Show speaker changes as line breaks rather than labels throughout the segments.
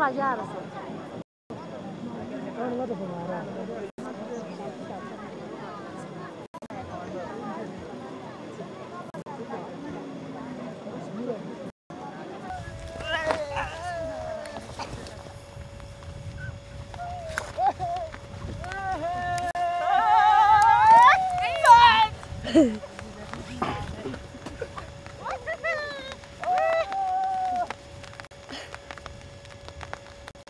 老家的。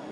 뭐야?